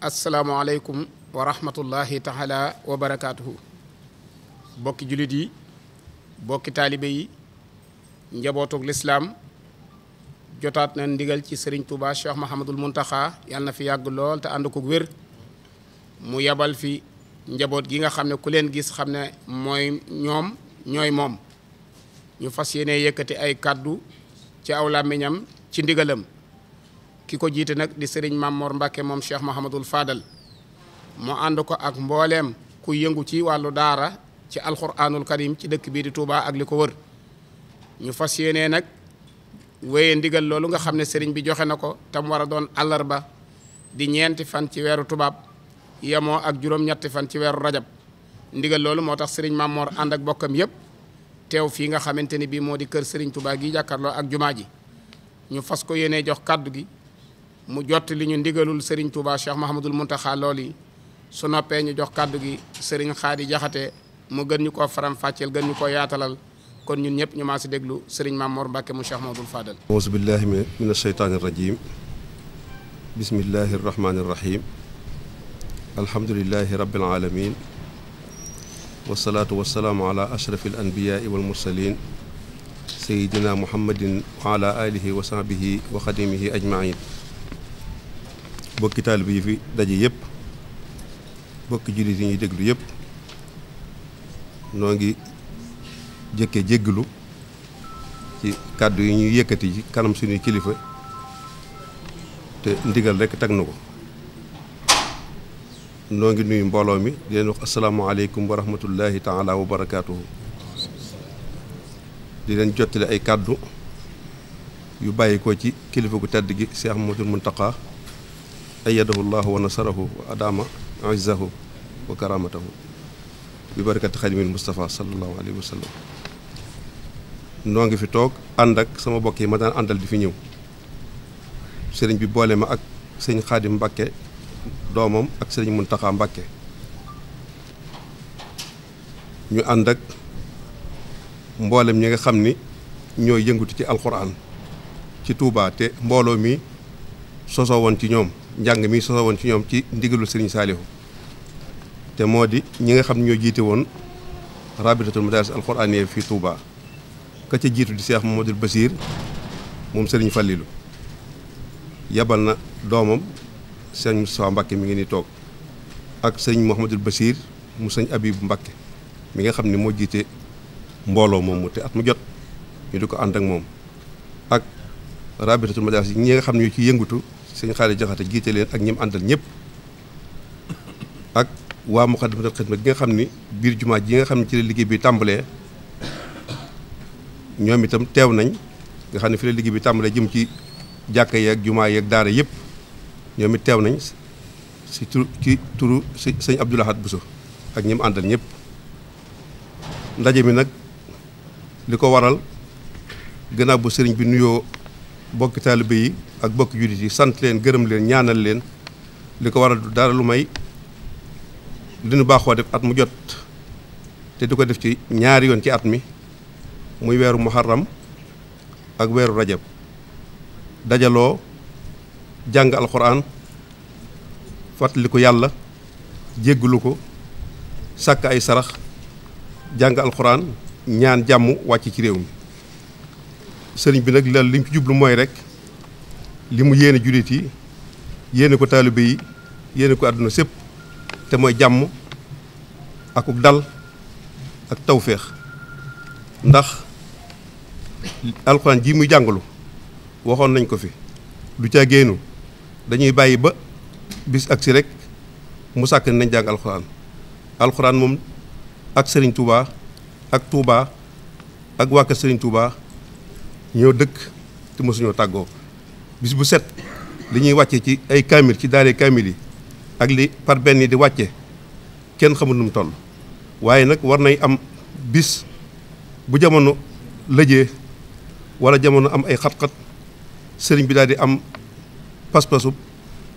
asalaamualeykum wa rahmatullahi taala wa barakaatuhu bokki jullit yi bokki taalibe yi njabootuk lislaam jotaat na ndigal ci sëriñ Touba Cheikh Mahamadul Muntaxa yàlla na fi yàgg lool te ànd ko wér mu yebal fi njaboot gi nga xam ne ku leen gis xam ne mooy ñoom ñooy moom ñu fas yéene yëkkati ay kàddu ci aw làmmiñam ci ndigalam ki ko jiite nag di sëriñ màmmoor Mbacke moom Cheikh Mahamadul Fadal mu ànd ko ak mbooleem ku yëngu ci wàllu daara ci alxuraanul karim ci dëkk bii di Touba ak li ko wër ñu fas yéenee nag wéye ndigal loolu nga xam ne sëriñ bi joxe na ko tam war a doon àllarba di ñeenti fan ci weeru tubaab yemoo ak juróom-ñetti fan ci weeru rajab ndigal loolu moo tax sëriñ Mamor ànd ak bokkam yëpp teew fii nga xamante ni bii moo di kër sëriñ Touba gi jàkkaarloo ak jumaa ji ñu fas ko yéenee jox kàddu gi. mu jot li ñu ndigalul Serigne Touba Cheikh Mahamadul Muntaxa lool yi su noppee ñu jox kàddu gi Serigne Xaadi Jaxate mu gën ñu koo faram-fàcceel gën ñu ko yaatalal kon ñun ñëpp ñu maa déglu Serigne Maam Mor Mbàkke mu Cheikh Mahamadul Fadal auzu billahi min asheytaani irajim bismillahi irrahmani irrahim alhamdulilahi rabbil alamin wasalaatu wasalaamu ala ashrafi al anbiyaai wal mursalin sayidina muhammadin wa ala alihi wa sahbihi wa xadimihi ajmain bokki bi yi fi daje yëpp bokki jullit yi ñuy déglu yëpp noo ngi jëkke jéggalu ci kàddu yi ñuy yëkkati ci kanam suñuy kilifa te ndigal rekk tag na ko noo ngi nuyu mbooloo mi di leen wax asalaamaaleykum wa rahmatullahi taala wa barakaatuhu di leen jottale ay kàddu yu bàyyi ko ci kilifa gu tedd gi Cheikh Mouhamadoul Mountakha ayadahu llahu wa nasarahu wa adama izzahu wa karamatahu bi barakati xadimil Mustafa sallallahu alayhi wa sallam noo ngi fi toog ànd ak sama bokk yi ma daan àndal di fi ñëw sëriñ bi mboole ma ak sëriñ Xaadim Mbàkke doomam ak sëriñ Muntaxa Mbàkke ñu ànd ak mboolem ñi nga xam ni ñoo yëngutu ci alxuraan ci Tuubaa te mbooloo mi sosoo woon ci ñoom njàng mi soso woon ci ñoom ci ndigalul Serigne Saliou te moo di ñi nga xam ne ñoo jiite woon rabitatul madaaris alquraaniyya fii Touba ka ca jiitu di Cheikh Mamadou Basir moom Serigne Fallilou yabal na doomam Serigne Moustapha Mbacke mi ngi ni toog ak Serigne Mouhamadou Basir mu Serigne Abibou Mbacke mi nga xam ni moo jiite mbooloo moomu te at mu jot ñu di ko ànd ak moom ak rabitatul madaaris yi ñi nga xam ne ñoo ci yëngatu sëñ xaali jaxate jiite leen ak ñim àndal ñëpp ak waa Moukhaddamatoul Khidma gi nga xam ni biir jumaa ji nga xam ne ci la liggéey bi tàmbalee ñoom itam teew nañ nga xam ne fi la liggéey bi tàmbalee jëm ci jàkka yeeg jumaa yeeg daara yëpp ñoom it teew nañ si tur turu si sëñ Abdou Lahad Bousso ak ñim àndal ñëpp ndaje mi nag li ko waral gannaaw bu sëriñ bi nuyoo bokki taalibe yi ak bokk jullit yi sant leen gërëm leen ñaanal leen li ko war a dara lu may li nu baaxoo def at mu jot te du ko def ci ñaari yoon ci at mi muy weeru muharram ak weeru rajab dajaloo jàng alxuraan fàttali ko yàlla jéggalu ko sàkk ay sarax jàng alxuraan ñaan jàmm wàcc ci réew mi sëriñ bi nag la li ñu jublu mooy rek li mu yéene jullit yi yéene ko taalibe yi yéene ko àdduna sépp te mooy jàmm akuk dal ak tawféex ndax alxuraan ji muy jàngalu waxoon nañ ko fi du ca génnu dañuy bàyyi ba bis agsi rek mu sàkk nañ jàng alxuraan alxuraan moom ak sëriñ Touba ak Touba ak waa kër sëriñ Touba ñoo dëkk te mësuñoo tàggoo bis bu set li ñuy wàcce ci ay kaamil ci daaree kaamil yi ak li par benn di wàcce kenn xamul nu waaye nag war nay am bis bu jamono lëjee wala jamono am ay xat-xat sëriñ bi daal di am pas-pasu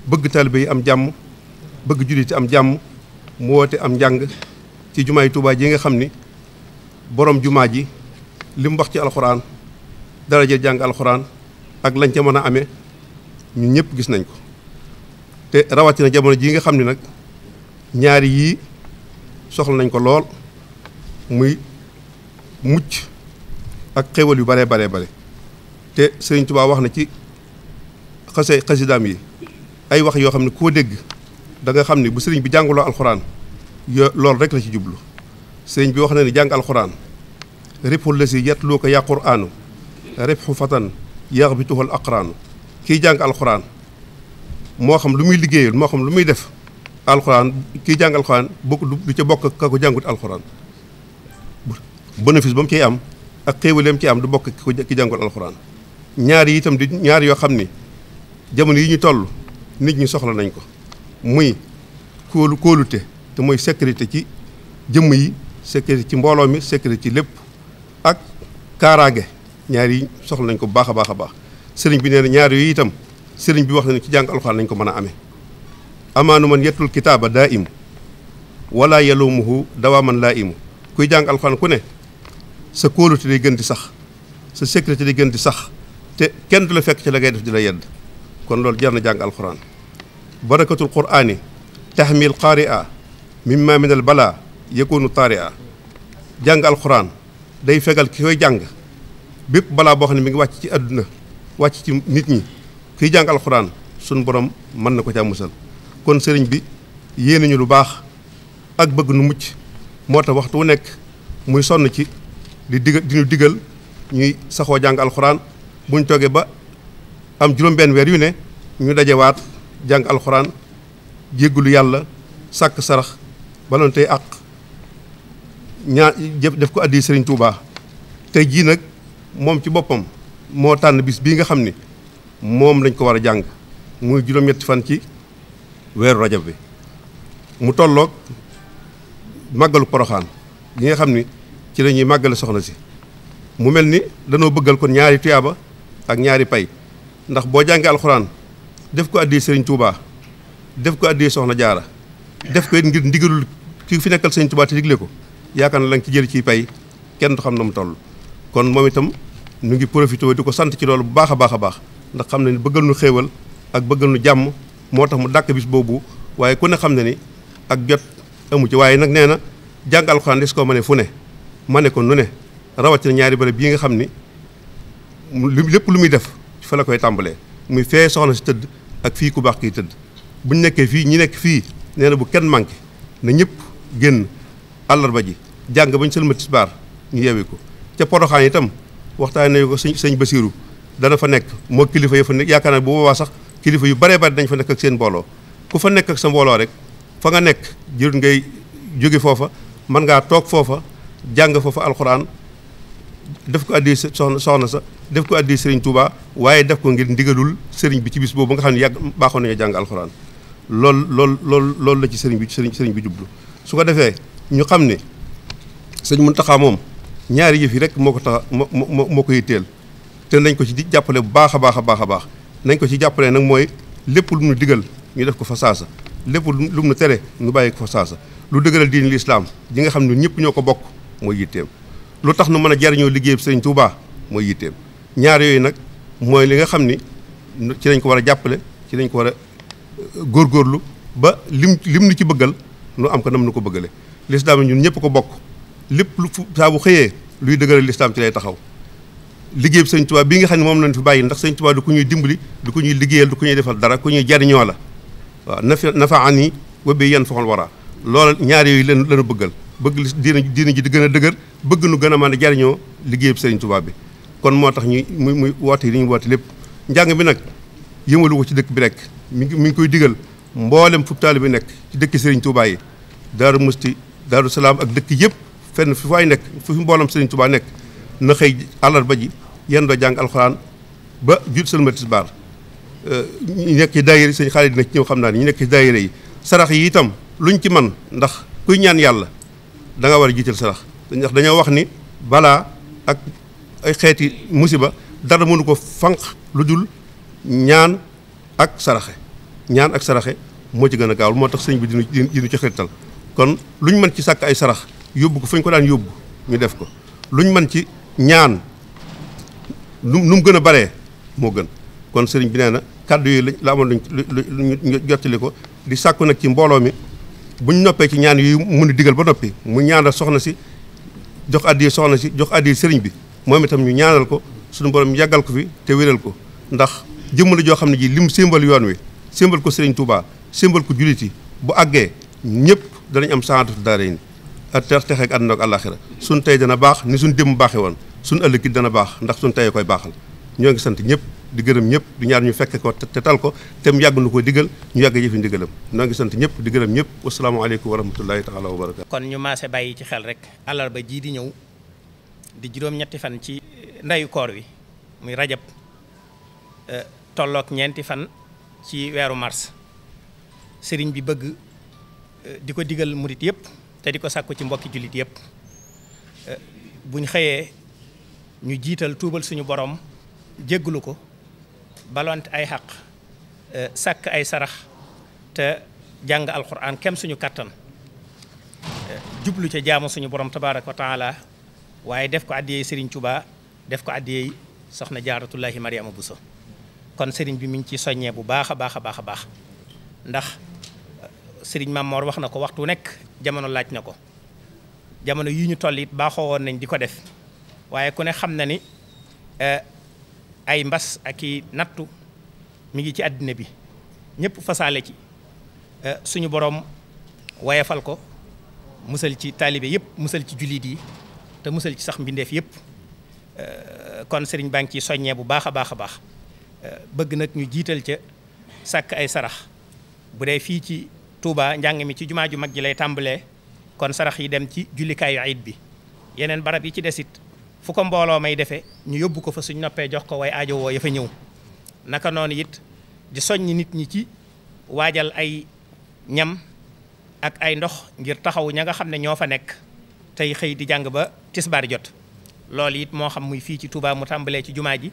bëgg taalibe yi am jàmm bëgg julliti am jàmm mu woote am njàng ci jumaa yi Tuubaa ji nga xam ni borom jumaa ji li mu wax ci alxuraan daraja jàng alxuraan ak lañ jamono mën a amee ñëpp gis nañ ko te rawatina jamono jii nga xam ni nag ñaari yii soxla nañ ko lool muy mucc ak xéwal yu bare baree bare te Sëriñ Tuubaa wax na ci xase xasidaam yi ay wax yoo xam ne koo dégg da xam ni bu sëriñ bi jànguloo alxuraan yo loolu rek la ci jublu sëriñ bi wax na ni jàng alxuraan ribxul la si yatluu ko yaa quraanu ribxu fatan bi yaxbituhul aqraanu kiy jàng alxuraan moo xam lu muy liggéeyul moo xam lu muy def alxuraan kiy jàng alxuraan bokk du ca bokk ka ko jàngut alxuraan bénéfice ba mu ciy am ak xéewaleem ci am du bokk ki jàngul alxuraan ñaar yi itam di ñaar yoo xam ni jamono yi ñu toll nit ñi soxla nañ ko muy kóolu kóolute te mooy sécurité ci jëmm yi sécurité ci mbooloo mi sécurité ci lépp ak kaaraage ñaar yi soxla nañ ko baax a baax a baax sëriñ bi nee na ñaar yooyu itam sëriñ bi wax na ci jàng alxuraan nañ ko mën a amee amaanu man yettul kitaaba daa imu wala yalumuhu dawaa man laa imu kuy jàng alxuraan ku ne sa kóolute day gën di sax sa sécurité day gën di sax te kenn du la fekk ci la ngay def di la yedd kon loolu jar na jàng alxuraan barakatul quraani tahmil qaari'a mimma min al bala yakunu taari'a jàng alxuraan day fegal ki koy jàng bépp balaa boo xam ne mi ngi wàcc ci àdduna wàcc ci nit ñi kuy jàng alxuraan sunu borom mën na ko caa musal kon sëriñ bi yéene ñu lu baax ak bëgg nu mucc moo tax waxtu wu nekk muy sonn ci di digal di ñu digal ñuy saxoo jàng alxuraan bu ñu toogee ba am juróom-benn weer yu ne ñu dajewaat jàng alxuraan lu yàlla sàkk sarax baloon tey àq ñaa def ko addi sëriñ Touba tey jii nag. moom ci boppam moo tànn bis bii nga xam ni moom lañ ko war a jàng muy juróom-ñetti fan ci weeru rajab bi mu tolloog màggalu poroxaan gi nga xam ni ci la ñuy màggale soxna si mu mel ni danoo bëggal kon ñaari tuyaaba ak ñaari pay ndax boo jàngee alxuraan def ko addee sëriñ Touba def ko addee soxna jaara def ko it ngir ndigalul ki fi nekkal sëriñ Touba te digle ko yaakaar na lañ ci jël ciy pay kenn du xam na mu toll kon moom itam nu ngi profité di ko sant ci loolu bu baax a baax a baax ndax xam ne ni bëggal nu xéewal ak bëggal nu jàmm moo tax mu dàkk bis boobu waaye ku ne xam ne ni ak jot amu ci waaye nag nee na jàng alxuraan des koo ma ne fu ne ma ne ko nu ne rawatina ñaari bërëb bii nga xam ni lépp lu muy def fa la koy tàmbalee muy fee soxna si tëdd ak fii ku baax kii tëdd bu ñu nekkee fii ñu nekk fii nee na bu kenn manqué na ñëpp génn àllarba ji jàng ba ñu sëlma ñu yeewi ko ca Poroxaan itam waxtaan nañu ko sëñ sëñ Basiiru dana fa nekk moo kilifa yi fa nekk yaakaar naa bu sax kilifa yu baree bari dañ fa nekk ak seen mbooloo ku fa nekk ak sa mbooloo rek fa nga nekk jërut ngay jóge foofa mën ngaa toog foofa jàng foofa alxuraan def ko addi soxna soxna sa def ko addi sëriñ Touba waaye def ko ngir ndigalul sëriñ bi ci bis boobu nga xam ne yàgg baaxoon nañu jàng alxuraan lool lool loolu la ci sëriñ bi sëriñ sëriñ bi jublu su ko defee ñu xam ne sëñ Muntaxa moom ñaari yëf yi rek moo ko tax moo moo moo ko yitteel te nañ ko ci di jàppale bu baax a baax a baax a baax nañ ko ci jàppale nag mooy lépp lu mu digal ñu def ko fa saasa lépp lu mu tere ñu bàyyi ko fa saasa lu dëgëral diin lislaam ji nga xam ne ñëpp ñoo ko bokk mooy yitteem lu tax nu mën a jariñoo liggéey sëriñ Tuubaa mooy yitteem ñaar yooyu nag mooy li nga xam ni ci lañ ko war a jàppale ci lañ ko war a euh, góor góorlu ba lim lim ni ci bëggal nu am ko nam nu ko bëggale lislaam ñun ñëpp ko bokk lépp lu saa bu xëyee luy dëgëral lislaam ci lay taxaw liggéey bi sëñ Tuubaa bi nga xam ne moom lañ fi bàyyi ndax sëñ Tuubaa du ku ñuy dimbali du ku ñuy liggéeyal du ku ñuy defal dara ku ñuy jariñoo la waaw nafa nafa an yi wobbi yan faxol wara loolu ñaar yooyu leen lañu bëggal bëgg diina diina ji di gën a dëgër bëgg nu gën a mën a jariñoo liggéey bi sëñ Tuubaa bi kon moo tax ñu muy muy woote yi li ñu woote lépp njàng bi nag yëmalu ko ci dëkk bi rek mi ngi mi ngi koy digal mboolem fu taalibe bi nekk ci dëkk sëriñ Tuubaa yi daaru musti daaru salaam ak dëkk yëpp fenn fi waay nekk fi mboolam Serigne Touba nekk na xëy àllarba ji yenn doo jàng alxuraan ba jut sëlmal tisbaar ñu nekk ci daayira sëñ Xaalid dina ci xam naa ni nekk ci daayira yi sarax yi itam luñ ci man ndax kuy ñaan yàlla danga war a jiital sarax ndax dañoo wax ni balaa ak ay xeeti musiba dara mënu ko fanq lu dul ñaan ak saraxe ñaan ak saraxe moo ci gën a gaaw moo tax sëñ bi dinu dinu ci xirtal kon luñ mën ci sàkk ay sarax yóbbu ko fu ñu ko daan yóbbu ñu def ko lu luñ mën ci ñaan nu nu mu gën a baree moo gën kon sëriñ bi nee na kàddu yi la amoon luñ ñu jottali ko di sàkku nag ci mbooloo mi buñ noppee ci ñaan yi mun a digal ba noppi mu ñaanal soxna si jox addi soxna si jox addi sëriñ bi moom itam ñu ñaanal ko suñu borom yàggal ko fi te wéral ko ndax jëmm la joo xam ne ji lim simbal yoon wi simbal ko sëriñ Touba simbal ko juliti bu àggee ñëpp danañ am saantu daara ni ak tex ak àdduna ak àllaaxira suñ tey dana baax ni suñ démb baaxee woon suñ ëllëg it dana baax ndax suñ tayee koy baaxal ñoo ngi sant ñëpp di gërëm ñëpp du ñaar ñu fekke ko te tal ko te mu yàgg nu ko digal ñu yàgg jëfi ndigalam noo ngi sant ñëpp di gërëm ñëpp wasalaamaaleykum wa rahmatullahi taala wa barakatu kon ñu maase bàyyi ci xel rek àllarba jii di ñëw di juróom-ñetti fan ci ndeyu koor wi muy rajab eh, tolloog ñeenti fan ci weeru mars sëriñ bi bëgg eh, di ko digal murit yëpp te di ko sàkku ci mbokki jullit yëpp eh, buñ xëyee ñu jiital tuubal suñu borom jégglu ko balont ay xaq eh, sàkk ay sarax te jàng alquran kem suñu kàttan eh, jublu ca jaamu suñu borom tabaaraka wa taala waaye def ko àddiyeey sëriñ Tuubaa def ko àddiyeey soxna jaaratullahi Mariama so kon sëriñ bi mi ngi ciy soññee bu baax a baax a baax a baax ndax sëriñ Mamor wax na ko waxtu nekk jamono laaj na ko jamono yi ñu toll it baaxoo woon nañ di ko def waaye ku ne xam na ni eh, ay mbas ak i nattu mu ngi ci àddina bi ñëpp fasaale ci eh, suñu boroom wayefal ko musal ci taalibe yëpp musal ci jullit yi te musal ci sax mbindeef yëpp eh, kon sëriñ baa ngi ciy soññee bu baax a baax a baax bëgg nag ñu jiital ca sàkk ay sarax bu dee fii ci Touba njàng mi ci jumaa ju mag ji lay tàmbalee kon sarax yi dem ci jullikaayu ayit bi yeneen barab yi ci des desit fu ko mbooloo may defee ñu yóbbu ko fa suñ noppee jox ko way aajo woo ya fa ñëw naka noonu it di soññ nit ñi ci waajal ay ñam ak ay ndox ngir taxaw ña nga xam ne ñoo fa nekk tey xëy di jàng ba tisbaar jot loolu it moo xam muy fii ci Touba mu tàmbalee ci jumaa ji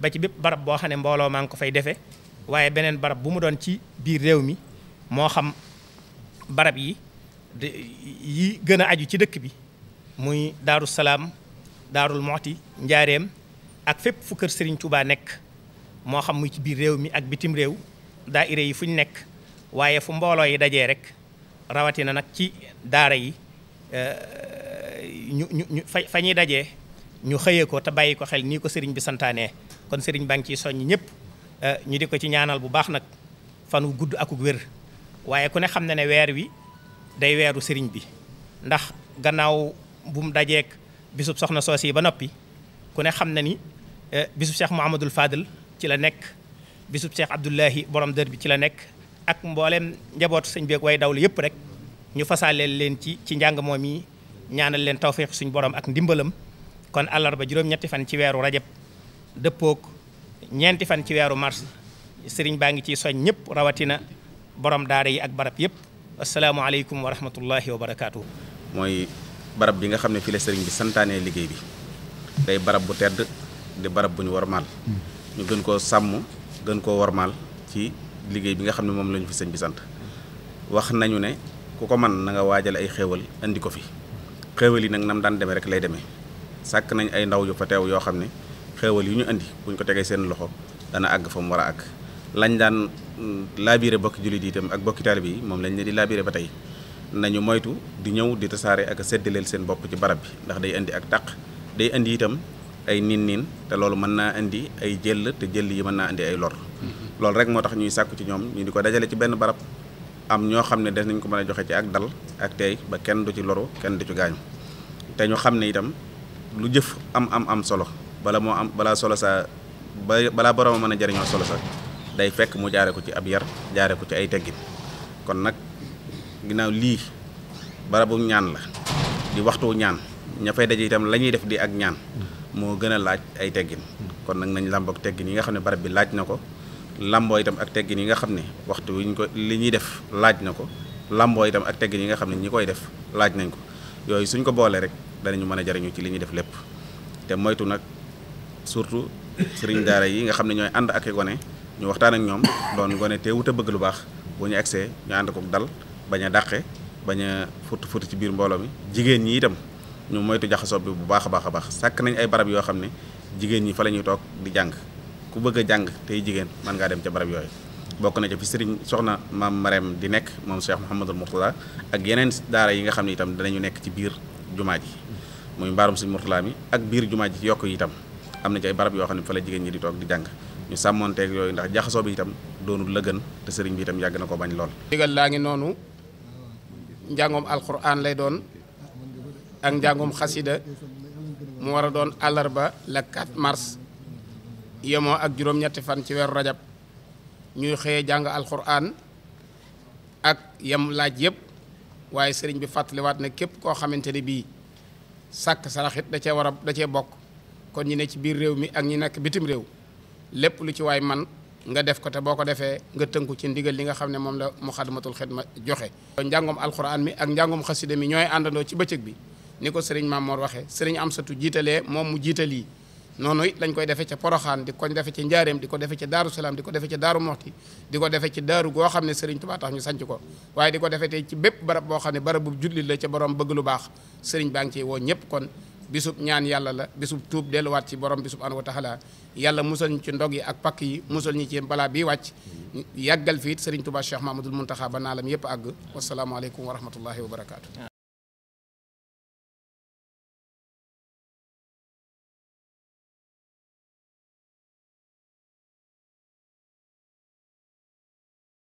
ba ci bépp barab boo xam ne mbooloo maa ngi ko fay defee waaye beneen barab bu réew mi barab yi yi gën a aju ci dëkk bi muy daaru salaam daarul moxti njaaréem ak fépp fu kër Serigne Touba nekk moo xam muy ci biir réew mi ak bitim réew daa daayira yi fu ñu nekk waaye fu mbooloo yi dajee rek rawatina nag ci daara yi euh, ñu ñu ñu fa fa ñuy dajee ñu xëyee ko te bàyyi ko xel nii ko Serigne bi santaanee kon sëriñ baa ngi ciy soññ ñëpp euh, ñu di ko ci ñaanal bu baax nag fan wu gudd ak wér. waaye ku ne xam na ne weer wi day weeru sëriñ bi ndax gannaaw bu dajeek bisub soxna soos yi ba noppi ku ne xam na ni eh, bisub cheikh Mouhamadul Fadel ci la nekk bisub cheikh Abdullahi borom dër bi ci la nekk ak mbooleem njabootu sëñ beeg way dawlu yëpp rek ñu fasaaleel leen ci ci njàng moom yi ñaanal leen tawféex suñ borom ak ndimbalam kon àllarba juróom-ñetti fan ci weeru rajab dëppook ñeenti fan ci weeru mars sëriñ baa ngi ciy soñ ñëpp rawatina borom daare yi ak barab yëpp asalaamaaleykum wa rahmatullahi wa barakaatu. mooy barab bi nga xam ne fii la sëriñ bi santaanee liggéey bi day barab bu tedd di barab bu ñu warmaal ñu gën koo sàmm gën koo warmaal ci liggéey bi nga xam ne moom la fi sëñ bi sant wax nañu ne ku ko man na nga waajal ay xéewal indi ko fi xéewal yi nag nam daan demee rek lay demee sàkk nañ ay ndaw yu fa teew yoo xam ne xéewal yu ñu indi kuñ ko tegee seen loxo dana àgg fa mu war a àgg. lañ daan mm, laabiré bokki jullit yi itam ak bokki taalibe yi moom lañ ne di laabiré ba tey nañu moytu di ñëw di tasaare ak a leen seen bopp ci barab bi ndax day indi ak taq day indi itam ay niin niin te loolu mën naa indi ay jëll te jëll yi mën naa indi ay lor mm-hmm. loolu rek moo tax ñuy sàkku ci ñoom ñu di ko dajale ci benn barab am ñoo xam ne des nañ ko mën a joxe ci ak dal ak tey ba kenn du ci loru kenn du ci gaañu te ñu xam ne itam lu jëf am am am solo bala moo am balaa solo sa balaa borooma mën a jariñoo solo sa day fekk mu jaare ko ci ab yar jaare ko ci ay teggin kon nag ginaaw lii barabu ñaan la di waxtu ñaan ña fay daje itam la ñuy def di ak ñaan moo gën a laaj ay teggin kon nag nañ làmboo ak teggin yi nga xam ne barab bi laaj na ko làmboo itam ak teggin yi nga xam ne waxtu wi ko li ñuy def laaj na ko làmboo itam ak teggin yi nga xam ne ñi koy def laaj nañ ko yooyu suñ ko boolee rek danañu mën a jariñu ci li ñuy def lépp te moytu nag surtout sëriñ daara yi nga xam ne ñooy ànd ak i gone ñu waxtaan ak ñoom doon gone te wut bëgg lu baax bu ñu agsee ñu ànd ko dal bañ a dàqe bañ a futt futt ci biir mbooloo mi jigéen ñi itam ñu moytu jaxasoo bi bu baax a baax a baax sàkk nañ ay barab yoo xam ne jigéen ñi fa la ñuy toog di jàng ku bëgg a jàng tey jigéen mën dem ca barab yooyu bokk na ca fi sëriñ soxna maam Marème di nekk moom Cheikh Mouhamadul Mourtala ak yeneen daara yi nga xam ne itam danañu nekk ci biir jumaa ji muy mbaarum sëriñ Mourtala mi ak biir jumaa ji ci yokk yi itam am na ci ay barab yoo xam ne fa la jigéen ñi di toog di jàng ñu sàmmonteeg yooyu ndax jaxasoo bi itam doonul la gën te sëriñ bi itam yàgg na ko bañ lool. digal laa ngi noonu njàngoom alxuraan lay doon ak njàngum xasida mu war a doon àllarba la 4 mars yemoo ak juróom-ñetti fan ci weeru rajab ñuy xëyee jàng alxuraan ak yem laaj yëpp waaye sëriñ bi fàttaliwaat na képp koo xamante ne bii sàkk saraxit da cee war a da cee bokk kon ñi ne ci biir réew mi ak ñi nekk bitim réew. lépp lu ci waay man nga def ko te boo ko defee nga tënku ci ndigal li nga xam ne moom la mu muxadamatul xidma joxe njàngum alxuraan mi ak njàngom xasida mi ñooy àndandoo ci bëccëg bi ni ko sëriñ Mamoor waxee sëriñ Amsatu jiitalee moom mu jiital yi noonu it lañ koy defee ca poroxaan di ko defee ci njaareem di ko defee ca daaru salaam di ko defee ca daaru moxti di ko defee ci daaru goo xam ne sëriñ tubaa tax ñu sanc ko waaye di ko defee tey ci bépp barab boo xam ne barab bu la ca borom bëgg lu baax sëriñ baa ngi ciy woo ñëpp kon bisub ñaan yàlla la bisub tuub delluwaat ci borom bi subhanahu wa taala yàlla musal ñu ci ndog yi ak pakk yi musal ñu ci balaa bii wàcc yàggal fi it Serigne Touba Cheikh Mahmadul Muntaxa ba naalam yëpp àgg wasalaamaaleykum wa rahmatullahi wa barakaatu.